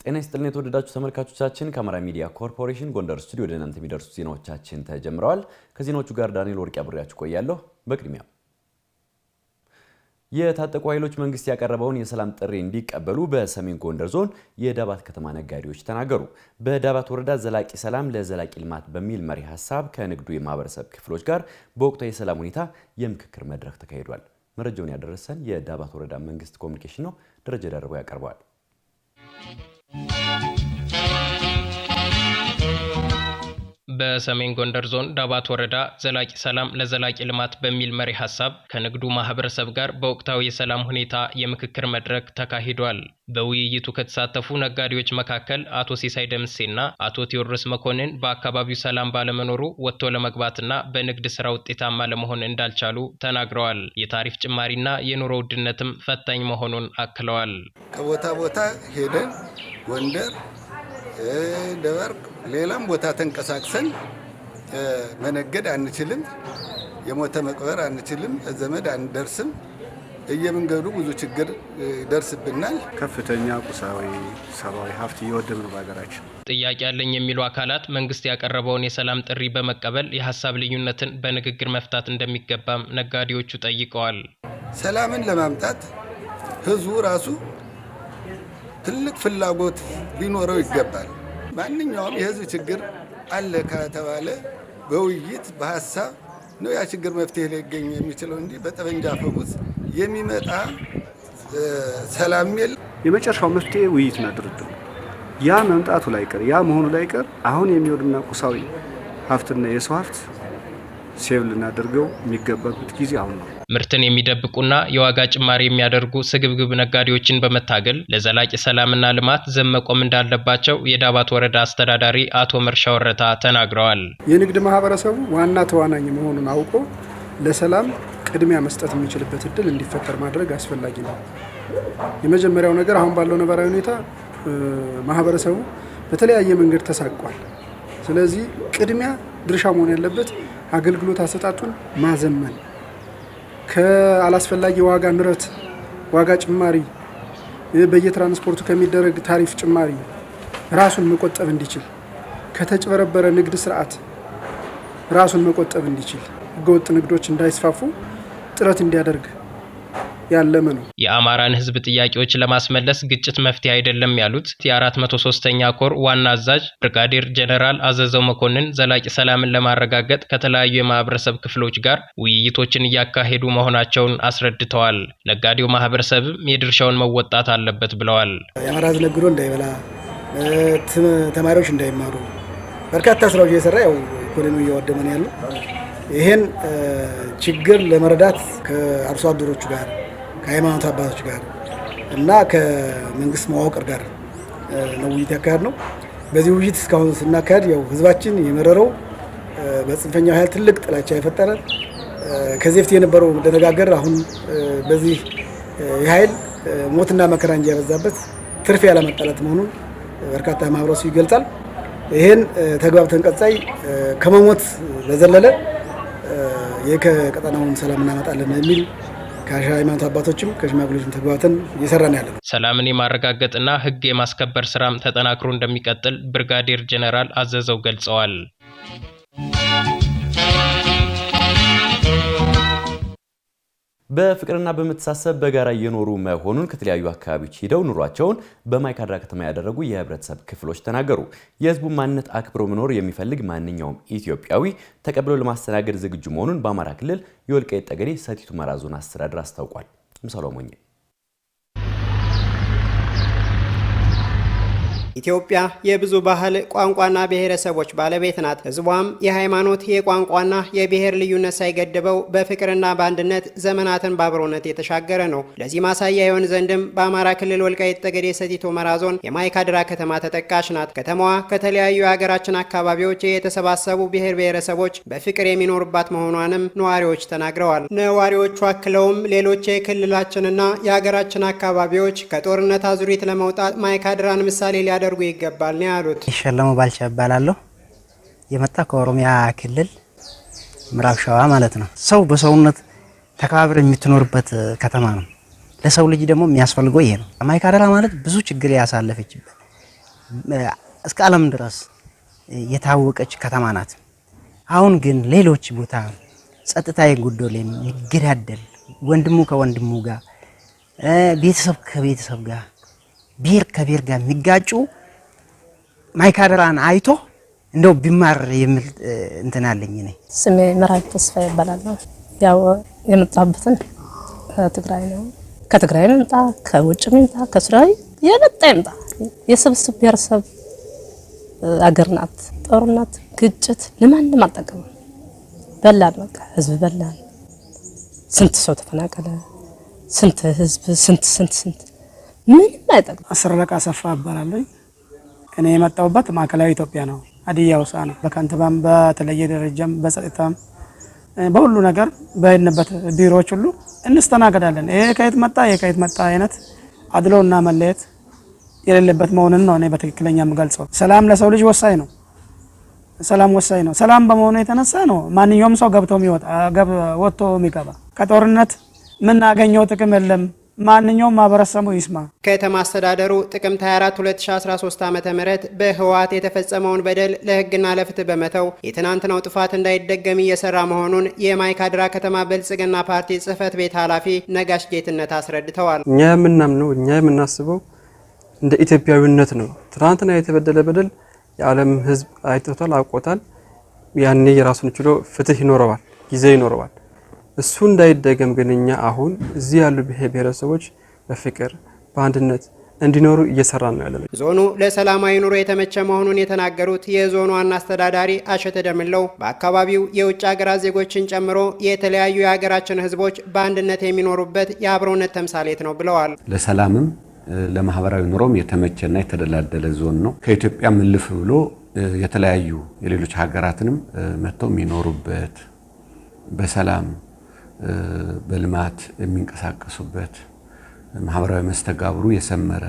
ጤና ይስጥልን የተወደዳችሁ ተመልካቾቻችን፣ ከአማራ ሚዲያ ኮርፖሬሽን ጎንደር ስቱዲዮ ወደ እናንተ የሚደርሱ ዜናዎቻችን ተጀምረዋል። ከዜናዎቹ ጋር ዳንኤል ወርቅ አብሬያችሁ ቆያለሁ። በቅድሚያ የታጠቁ ኃይሎች መንግስት ያቀረበውን የሰላም ጥሪ እንዲቀበሉ በሰሜን ጎንደር ዞን የዳባት ከተማ ነጋዴዎች ተናገሩ። በዳባት ወረዳ ዘላቂ ሰላም ለዘላቂ ልማት በሚል መሪ ሀሳብ ከንግዱ የማህበረሰብ ክፍሎች ጋር በወቅታዊ የሰላም ሁኔታ የምክክር መድረክ ተካሂዷል። መረጃውን ያደረሰን የዳባት ወረዳ መንግስት ኮሚኒኬሽን ነው። ደረጀ ደርቦ ያቀርበዋል። በሰሜን ጎንደር ዞን ዳባት ወረዳ ዘላቂ ሰላም ለዘላቂ ልማት በሚል መሪ ሀሳብ ከንግዱ ማህበረሰብ ጋር በወቅታዊ የሰላም ሁኔታ የምክክር መድረክ ተካሂዷል። በውይይቱ ከተሳተፉ ነጋዴዎች መካከል አቶ ሲሳይ ደምሴና አቶ ቴዎድሮስ መኮንን በአካባቢው ሰላም ባለመኖሩ ወጥቶ ለመግባትና በንግድ ስራ ውጤታማ ለመሆን እንዳልቻሉ ተናግረዋል። የታሪፍ ጭማሪና የኑሮ ውድነትም ፈታኝ መሆኑን አክለዋል። ከቦታ ቦታ ሄደን ጎንደር ደባርቅ፣ ሌላም ቦታ ተንቀሳቅሰን መነገድ አንችልም፣ የሞተ መቅበር አንችልም፣ ዘመድ አንደርስም። እየመንገዱ ብዙ ችግር ይደርስብናል። ከፍተኛ ቁሳዊ ሰብአዊ ሀብት እየወደም ነው በሀገራችን። ጥያቄ ያለኝ የሚሉ አካላት መንግስት ያቀረበውን የሰላም ጥሪ በመቀበል የሀሳብ ልዩነትን በንግግር መፍታት እንደሚገባም ነጋዴዎቹ ጠይቀዋል። ሰላምን ለማምጣት ህዝቡ ራሱ ትልቅ ፍላጎት ሊኖረው ይገባል። ማንኛውም የህዝብ ችግር አለ ከተባለ በውይይት በሀሳብ ነው ያ ችግር መፍትሄ ሊገኝ የሚችለው እንጂ በጠመንጃ ፈሙዝ የሚመጣ ሰላም የለ። የመጨረሻው መፍትሄ ውይይትና ድርድር ያ መምጣቱ ላይ ቀር ያ መሆኑ ላይ ቀር አሁን የሚወድና ቁሳዊ ሀብትና የሰው ሀብት ሴቭ ልናደርገው የሚገባበት ጊዜ አሁን ነው። ምርትን የሚደብቁና የዋጋ ጭማሪ የሚያደርጉ ስግብግብ ነጋዴዎችን በመታገል ለዘላቂ ሰላምና ልማት ዘብ መቆም እንዳለባቸው የዳባት ወረዳ አስተዳዳሪ አቶ መርሻ ወረታ ተናግረዋል። የንግድ ማህበረሰቡ ዋና ተዋናኝ መሆኑን አውቆ ለሰላም ቅድሚያ መስጠት የሚችልበት እድል እንዲፈጠር ማድረግ አስፈላጊ ነው። የመጀመሪያው ነገር አሁን ባለው ነባራዊ ሁኔታ ማህበረሰቡ በተለያየ መንገድ ተሳቋል። ስለዚህ ቅድሚያ ድርሻ መሆን ያለበት አገልግሎት አሰጣጡን ማዘመን ከአላስፈላጊ ዋጋ ንረት ዋጋ ጭማሪ በየትራንስፖርቱ ከሚደረግ ታሪፍ ጭማሪ ራሱን መቆጠብ እንዲችል ከተጭበረበረ ንግድ ስርዓት ራሱን መቆጠብ እንዲችል ህገወጥ ንግዶች እንዳይስፋፉ ጥረት እንዲያደርግ ያለመ ነው። የአማራን ህዝብ ጥያቄዎች ለማስመለስ ግጭት መፍትሄ አይደለም ያሉት የ403ኛ ኮር ዋና አዛዥ ብርጋዴር ጀነራል አዘዘው መኮንን ዘላቂ ሰላምን ለማረጋገጥ ከተለያዩ የማህበረሰብ ክፍሎች ጋር ውይይቶችን እያካሄዱ መሆናቸውን አስረድተዋል። ነጋዴው ማህበረሰብም የድርሻውን መወጣት አለበት ብለዋል። የአማራ ህዝብ ነግዶ እንዳይበላ፣ ተማሪዎች እንዳይማሩ በርካታ ስራዎች እየሰራ ያው ኢኮኖሚው እያወደመ ነው ያለው። ይህን ችግር ለመረዳት ከአርሶ አደሮቹ ጋር ከሃይማኖት አባቶች ጋር እና ከመንግስት መዋቅር ጋር ነው ውይይት ያካሄድ ነው። በዚህ ውይይት እስካሁን ስናካሄድ ያው ህዝባችን የመረረው በጽንፈኛው ኃይል ትልቅ ጥላቻ የፈጠረ ከዚህ በፊት የነበረው እንደተጋገር አሁን በዚህ የኃይል ሞትና መከራ እንጂ ያበዛበት ትርፍ ያለመጠለት መሆኑን በርካታ ማህበረሰቡ ይገልጻል። ይህን ተግባብተን ቀጣይ ከመሞት በዘለለ ይህ ከቀጠናውን ሰላም እናመጣለን የሚል ከሃይማኖት አባቶችም ከሽማግሌዎችም ተግባብተን እየሰራን ያለ ነው። ሰላምን የማረጋገጥና ህግ የማስከበር ስራም ተጠናክሮ እንደሚቀጥል ብርጋዴር ጄኔራል አዘዘው ገልጸዋል። በፍቅርና በመተሳሰብ በጋራ እየኖሩ መሆኑን ከተለያዩ አካባቢዎች ሂደው ኑሯቸውን በማይካድራ ከተማ ያደረጉ የህብረተሰብ ክፍሎች ተናገሩ። የህዝቡን ማንነት አክብሮ መኖር የሚፈልግ ማንኛውም ኢትዮጵያዊ ተቀብሎ ለማስተናገድ ዝግጁ መሆኑን በአማራ ክልል የወልቃይት ጠገዴ ሰቲት ሁመራ ዞን አስተዳደር አስታውቋል። ምሳሌ ሞኜ ኢትዮጵያ የብዙ ባህል ቋንቋና ብሔረሰቦች ባለቤት ናት። ህዝቧም የሃይማኖት የቋንቋና የብሔር ልዩነት ሳይገድበው በፍቅርና በአንድነት ዘመናትን በአብሮነት የተሻገረ ነው። ለዚህ ማሳያ የሆን ዘንድም በአማራ ክልል ወልቃይት ጠገዴ ሰቲት ሁመራ ዞን የማይካድራ ከተማ ተጠቃሽ ናት። ከተማዋ ከተለያዩ የሀገራችን አካባቢዎች የተሰባሰቡ ብሔር ብሔረሰቦች በፍቅር የሚኖሩባት መሆኗንም ነዋሪዎች ተናግረዋል። ነዋሪዎቹ አክለውም ሌሎች የክልላችንና የሀገራችን አካባቢዎች ከጦርነት አዙሪት ለመውጣት ማይካድራን ምሳሌ ሊያደ ሊያደርጉ ይገባል ነው ያሉት። ሸለሙ ባልቻ እባላለሁ። የመጣ ከኦሮሚያ ክልል ምዕራብ ሸዋ ማለት ነው። ሰው በሰውነት ተከባብር የምትኖርበት ከተማ ነው። ለሰው ልጅ ደግሞ የሚያስፈልገው ይሄ ነው። ማይካድራ ማለት ብዙ ችግር ያሳለፈችበት እስከ ዓለም ድረስ የታወቀች ከተማ ናት። አሁን ግን ሌሎች ቦታ ጸጥታ የጎደለ የሚገዳደል ወንድሙ ከወንድሙ ጋር፣ ቤተሰብ ከቤተሰብ ጋር፣ ብሔር ከብሔር ጋር የሚጋጩ ማይካድራን አይቶ እንደው ቢማር የሚል እንትን አለኝ። እኔ ስሜ መራዊ ተስፋ ይባላል። ያው የመጣሁበትን ትግራይ ነው። ከትግራይ ይምጣ፣ ከውጭ ይምጣ፣ ከሱዳን የመጣ ይምጣ፣ የስብስብ ብሔረሰብ አገር ናት። ጦርነት፣ ግጭት ለማንም አልጠቀመም። በላን፣ በቃ ህዝብ በላን። ስንት ሰው ተፈናቀለ፣ ስንት ህዝብ፣ ስንት ስንት ስንት ምንም አይጠቅም። አስረለቃ ሰፋ እባላለሁ። እኔ የመጣሁበት ማዕከላዊ ኢትዮጵያ ነው፣ ሀዲያ ሆሳዕና። በከንቲባም በተለየ ደረጃም በጸጥታም በሁሉ ነገር በሄድንበት ቢሮዎች ሁሉ እንስተናገዳለን። ይሄ ከየት መጣ፣ ይሄ ከየት መጣ አይነት አድሎና መለየት የሌለበት መሆኑን ነው እኔ በትክክለኛ የምገልጸው። ሰላም ለሰው ልጅ ወሳኝ ነው። ሰላም ወሳኝ ነው። ሰላም በመሆኑ የተነሳ ነው ማንኛውም ሰው ገብቶ ወጥቶ የሚገባ። ከጦርነት የምናገኘው ጥቅም የለም። ማንኛውም ማህበረሰቡ ይስማ። ከተማ አስተዳደሩ ጥቅምት 24 2013 ዓ ም በህወሓት የተፈጸመውን በደል ለህግና ለፍትህ በመተው የትናንትናው ጥፋት እንዳይደገም እየሰራ መሆኑን የማይካድራ ከተማ ብልጽግና ፓርቲ ጽህፈት ቤት ኃላፊ ነጋሽ ጌትነት አስረድተዋል። እኛ የምናምነው እኛ የምናስበው እንደ ኢትዮጵያዊነት ነው። ትናንትና የተበደለ በደል የዓለም ህዝብ አይተቷል፣ አውቆታል። ያኔ የራሱን ችሎ ፍትህ ይኖረዋል፣ ጊዜ ይኖረዋል። እሱ እንዳይደገም ግን እኛ አሁን እዚህ ያሉ ብሔር ብሔረሰቦች በፍቅር በአንድነት እንዲኖሩ እየሰራ ነው ያለ ዞኑ ለሰላማዊ ኑሮ የተመቸ መሆኑን የተናገሩት የዞኑ ዋና አስተዳዳሪ አሸተ ደምለው በአካባቢው የውጭ ሀገራት ዜጎችን ጨምሮ የተለያዩ የሀገራችን ሕዝቦች በአንድነት የሚኖሩበት የአብሮነት ተምሳሌት ነው ብለዋል። ለሰላምም ለማህበራዊ ኑሮም የተመቸና የተደላደለ ዞን ነው። ከኢትዮጵያ ምልፍ ብሎ የተለያዩ የሌሎች ሀገራትንም መጥተው የሚኖሩበት በሰላም በልማት የሚንቀሳቀሱበት ማህበራዊ መስተጋብሩ የሰመረ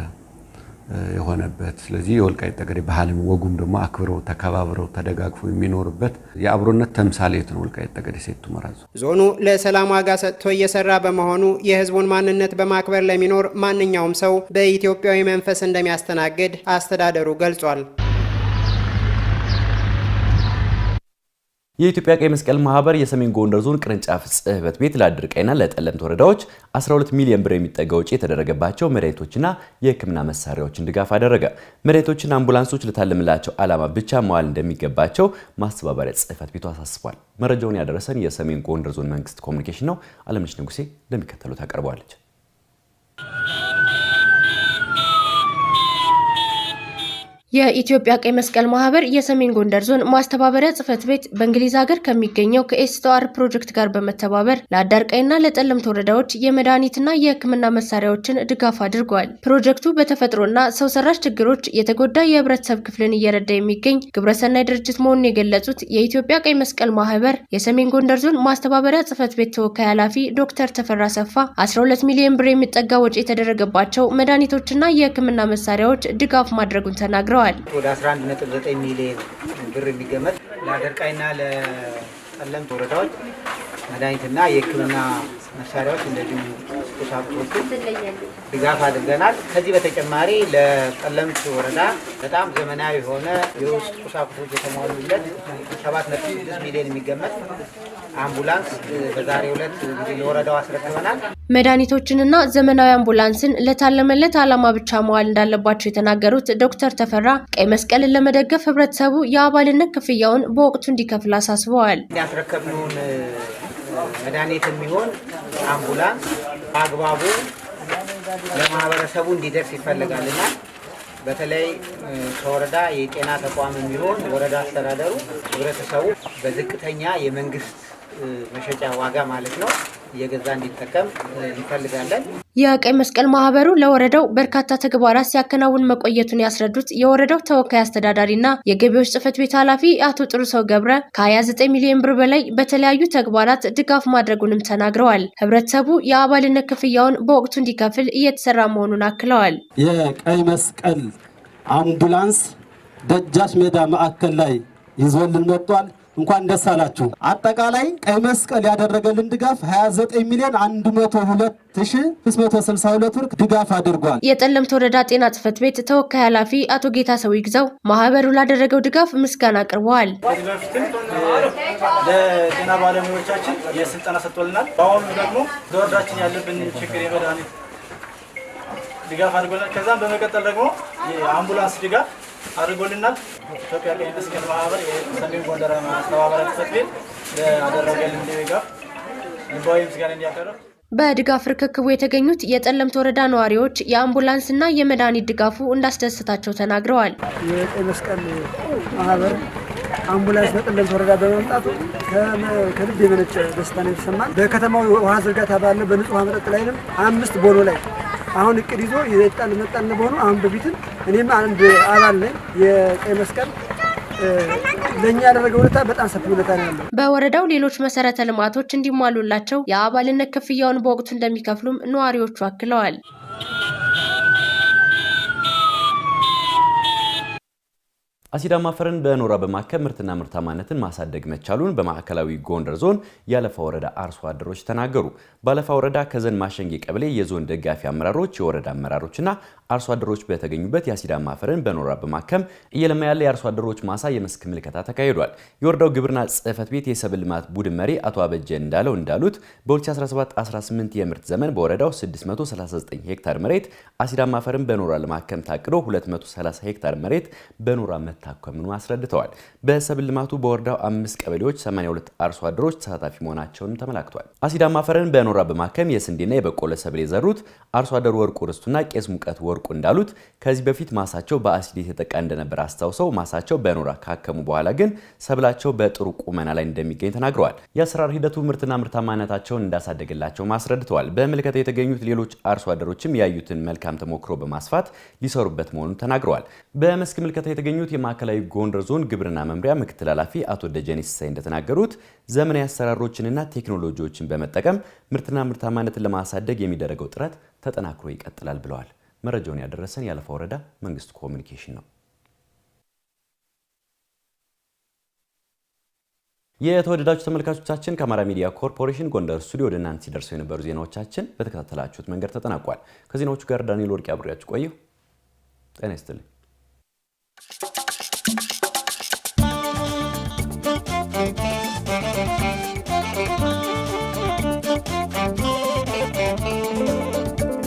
የሆነበት ስለዚህ የወልቃይት ጠገዴ ባህልም ወጉም ደግሞ አክብረው ተከባብረው ተደጋግፎ የሚኖርበት የአብሮነት ተምሳሌት ነው ወልቃይት ጠገዴ ሴቱ ሁመራ ዞን። ዞኑ ለሰላም ዋጋ ሰጥቶ እየሰራ በመሆኑ የህዝቡን ማንነት በማክበር ለሚኖር ማንኛውም ሰው በኢትዮጵያዊ መንፈስ እንደሚያስተናግድ አስተዳደሩ ገልጿል። የኢትዮጵያ ቀይ መስቀል ማህበር የሰሜን ጎንደር ዞን ቅርንጫፍ ጽህፈት ቤት ለአድርቃይና ለጠለምት ወረዳዎች 12 ሚሊዮን ብር የሚጠጋ ወጪ የተደረገባቸው መድኃኒቶችና የሕክምና መሳሪያዎችን ድጋፍ አደረገ። መድኃኒቶችና አምቡላንሶች ለታለምላቸው ዓላማ ብቻ መዋል እንደሚገባቸው ማስተባበሪያ ጽህፈት ቤቱ አሳስቧል። መረጃውን ያደረሰን የሰሜን ጎንደር ዞን መንግስት ኮሚኒኬሽን ነው። አለምነች ንጉሴ እንደሚከተሉት አቀርበዋለች። የኢትዮጵያ ቀይ መስቀል ማህበር የሰሜን ጎንደር ዞን ማስተባበሪያ ጽፈት ቤት በእንግሊዝ ሀገር ከሚገኘው ከኤስቶአር ፕሮጀክት ጋር በመተባበር ለአዳር ቀይና ለጠለምት ወረዳዎች የመድኃኒትና የሕክምና መሳሪያዎችን ድጋፍ አድርጓል። ፕሮጀክቱ በተፈጥሮና ሰው ሰራሽ ችግሮች የተጎዳ የህብረተሰብ ክፍልን እየረዳ የሚገኝ ግብረሰናይ ድርጅት መሆኑን የገለጹት የኢትዮጵያ ቀይ መስቀል ማህበር የሰሜን ጎንደር ዞን ማስተባበሪያ ጽህፈት ቤት ተወካይ ኃላፊ ዶክተር ተፈራ ሰፋ 12 ሚሊዮን ብር የሚጠጋ ወጪ የተደረገባቸው መድኃኒቶችና የሕክምና መሳሪያዎች ድጋፍ ማድረጉን ተናግረዋል። ተናግረዋል። ወደ 11.9 ሚሊዮን ብር የሚገመት ለአደርቃይና ለጠለምት ወረዳዎች መድኃኒትና የሕክምና መሳሪያዎች እንደዚሁ ቁሳቁሶች ድጋፍ አድርገናል። ከዚህ በተጨማሪ ለቀለምት ወረዳ በጣም ዘመናዊ የሆነ የውስጥ ቁሳቁሶች የተሟሉለት ሰባት ነጥብ ስድስት ሚሊዮን የሚገመት አምቡላንስ በዛሬው ዕለት ለወረዳው አስረክበናል። መድኃኒቶችንና ዘመናዊ አምቡላንስን ለታለመለት ዓላማ ብቻ መዋል እንዳለባቸው የተናገሩት ዶክተር ተፈራ ቀይ መስቀልን ለመደገፍ ህብረተሰቡ የአባልነት ክፍያውን በወቅቱ እንዲከፍል አሳስበዋል። ያስረከብነውን መድኃኒት የሚሆን አምቡላንስ አግባቡ ለማህበረሰቡ እንዲደርስ ይፈልጋልና በተለይ ከወረዳ የጤና ተቋም የሚሆን ወረዳ አስተዳደሩ ህብረተሰቡ በዝቅተኛ የመንግስት መሸጫ ዋጋ ማለት ነው እየገዛ እንዲጠቀም እንፈልጋለን። የቀይ መስቀል ማህበሩ ለወረዳው በርካታ ተግባራት ሲያከናውን መቆየቱን ያስረዱት የወረዳው ተወካይ አስተዳዳሪ እና የገቢዎች ጽህፈት ቤት ኃላፊ አቶ ጥሩ ሰው ገብረ ከ29 ሚሊዮን ብር በላይ በተለያዩ ተግባራት ድጋፍ ማድረጉንም ተናግረዋል። ህብረተሰቡ የአባልነት ክፍያውን በወቅቱ እንዲከፍል እየተሰራ መሆኑን አክለዋል። የቀይ መስቀል አምቡላንስ ደጃሽ ሜዳ ማዕከል ላይ ይዞልን መጥቷል። እንኳን ደስ አላችሁ። አጠቃላይ ቀይ መስቀል ያደረገልን ድጋፍ 29 ሚሊዮን 102,662 ብር ድጋፍ አድርጓል። የጠለምት ወረዳ ጤና ጽፈት ቤት ተወካይ ኃላፊ አቶ ጌታ ሰው ይግዛው ማህበሩ ላደረገው ድጋፍ ምስጋና አቅርበዋል። ከዚህ በፊትም ለጤና ባለሙያዎቻችን የስልጠና ሰጥቶልናል። በአሁኑ ደግሞ ለወረዳችን ያለብን ችግር የመድኃኒት ድጋፍ አድርጎልናል። ከዛም በመቀጠል ደግሞ የአምቡላንስ ድጋፍ አድርጎልናል። ኢትዮጵያ ቀይ መስቀል ማህበር የሰሜን ጎንደር ማስተባበሪያ ጽሕፈት ቤት ድጋፍ ልባዊ ምስጋና እንዲያቀርብ በድጋፍ ርክክቡ የተገኙት የጠለምት ወረዳ ነዋሪዎች የአምቡላንስና የመድኃኒት ድጋፉ እንዳስደሰታቸው ተናግረዋል። የቀይ መስቀል ማህበር አምቡላንስ በጠለምት ወረዳ በመምጣቱ ከልብ የመነጨ ደስታ ነው የተሰማል። በከተማው ውሃ ዝርጋታ ባለ በንጹህ መጠጥ ላይንም አምስት ቦኖ ላይ አሁን እቅድ ይዞ የጣል መጣል በሆኑ አሁን በፊትም እኔም አንድ አባል ነኝ የቀይ መስቀል ለእኛ ያደረገው ሁኔታ በጣም ሰፊ ሁኔታ ነው ያለው። በወረዳው ሌሎች መሰረተ ልማቶች እንዲሟሉላቸው የአባልነት ክፍያውን በወቅቱ እንደሚከፍሉም ነዋሪዎቹ አክለዋል። አሲዳማ አፈርን በኖራ በማከም ምርትና ምርታማነትን ማሳደግ መቻሉን በማዕከላዊ ጎንደር ዞን የአለፋ ወረዳ አርሶ አደሮች ተናገሩ። በአለፋ ወረዳ ከዘን ማሸንጌ ቀበሌ የዞን ደጋፊ አመራሮች፣ የወረዳ አመራሮችና አርሶ አደሮች በተገኙበት የአሲዳማ አፈርን በኖራ በማከም እየለማ ያለ የአርሶ አደሮች ማሳ የመስክ ምልከታ ተካሂዷል። የወረዳው ግብርና ጽህፈት ቤት የሰብል ልማት ቡድን መሪ አቶ አበጀ እንዳለው እንዳሉት በ2017/18 የምርት ዘመን በወረዳው 639 ሄክታር መሬት አሲዳማ አፈርን በኖራ ለማከም ታቅዶ 230 ሄክታር መሬት በኖራ መታከሙን አስረድተዋል። በሰብል ልማቱ በወረዳው አምስት ቀበሌዎች 82 አርሶ አደሮች ተሳታፊ መሆናቸውንም ተመላክቷል። አሲዳማ አፈርን በኖራ በማከም የስንዴና የበቆሎ ሰብል የዘሩት አርሶ አደሩ ወርቁ ርስቱና ቄስ ሙቀት ወርቁ ወርቁ እንዳሉት ከዚህ በፊት ማሳቸው በአሲድ የተጠቃ እንደነበር አስታውሰው ማሳቸው በኖራ ካከሙ በኋላ ግን ሰብላቸው በጥሩ ቁመና ላይ እንደሚገኝ ተናግረዋል። የአሰራር ሂደቱ ምርትና ምርታማነታቸውን እንዳሳደግላቸው አስረድተዋል። በምልከታ የተገኙት ሌሎች አርሶ አደሮችም ያዩትን መልካም ተሞክሮ በማስፋት ሊሰሩበት መሆኑን ተናግረዋል። በመስክ ምልከታ የተገኙት የማዕከላዊ ጎንደር ዞን ግብርና መምሪያ ምክትል ኃላፊ አቶ ደጀኔ ሲሳይ እንደተናገሩት ዘመናዊ አሰራሮችንና ቴክኖሎጂዎችን በመጠቀም ምርትና ምርታማነትን ለማሳደግ የሚደረገው ጥረት ተጠናክሮ ይቀጥላል ብለዋል። መረጃውን ያደረሰን የአለፋ ወረዳ መንግስት ኮሚኒኬሽን ነው። የተወደዳችሁ ተመልካቾቻችን ከአማራ ሚዲያ ኮርፖሬሽን ጎንደር ስቱዲዮ ወደ እናንተ ሲደርሰው የነበሩ ዜናዎቻችን በተከታተላችሁት መንገድ ተጠናቋል። ከዜናዎቹ ጋር ዳንኤል ወርቅ አብሬያችሁ ቆየሁ። ጤና ይስጥልኝ።